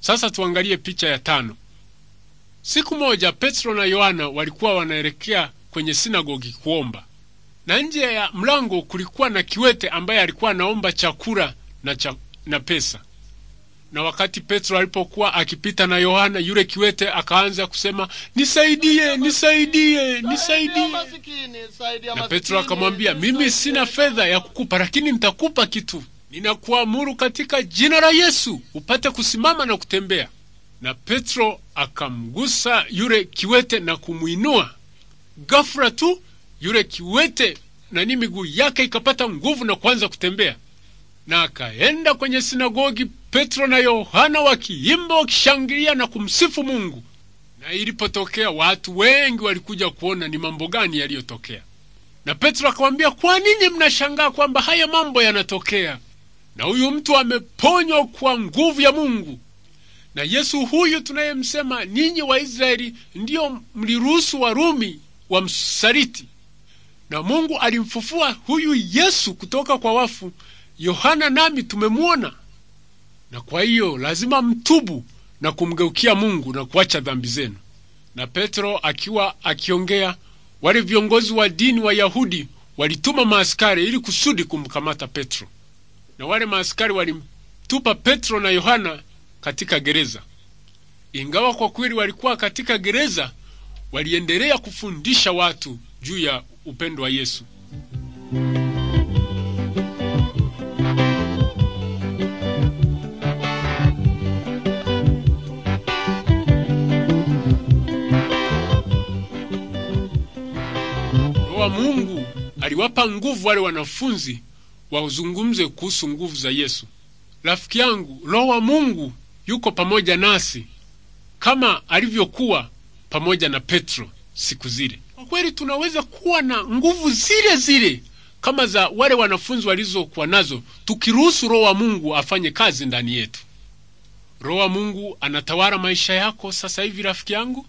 Sasa tuangalie picha ya tano. Siku moja Petro na Yohana walikuwa wanaelekea kwenye sinagogi kuomba, na nje ya mlango kulikuwa na kiwete ambaye alikuwa anaomba chakula na, cha, na pesa. Na wakati Petro alipokuwa akipita na Yohana, yule kiwete akaanza kusema, nisaidie, nisaidie, nisaidie. Na Petro akamwambia, mimi sina fedha ya kukupa, lakini nitakupa kitu ninakuamuru katika jina la Yesu upate kusimama na kutembea. Na Petro akamgusa yule kiwete na kumwinua. gafura tu yule kiwete nani miguu yake ikapata nguvu na kuanza kutembea, na akaenda kwenye sinagogi, Petro na Yohana wakiimba, wakishangilia na kumsifu Mungu. Na ilipotokea watu wengi walikuja kuona ni mambo gani yaliyotokea. Na Petro akawaambia, kwa nini mnashangaa kwamba haya mambo yanatokea? na huyu mtu ameponywa kwa nguvu ya Mungu. Na Yesu huyu tunayemsema, ninyi Waisraeli ndiyo mliruhusu Warumi wamsaliti, na Mungu alimfufua huyu Yesu kutoka kwa wafu. Yohana nami tumemwona, na kwa hiyo lazima mtubu na kumgeukia Mungu na kuacha dhambi zenu. Na Petro akiwa akiongea, wale viongozi wa dini wa Yahudi walituma maaskari ili kusudi kumkamata Petro na wale maaskari walimtupa Petro na Yohana katika gereza. Ingawa kwa kweli walikuwa katika gereza, waliendelea kufundisha watu juu ya upendo wa Yesu. Mungu aliwapa nguvu wale wanafunzi wazungumze kuhusu nguvu za Yesu. Rafiki yangu, Roho wa Mungu yuko pamoja nasi kama alivyokuwa pamoja na Petro siku zile. Kwa kweli tunaweza kuwa na nguvu zile zile kama za wale wanafunzi walizokuwa nazo, tukiruhusu Roho wa Mungu afanye kazi ndani yetu. Roho wa Mungu anatawala maisha yako sasa hivi, rafiki yangu.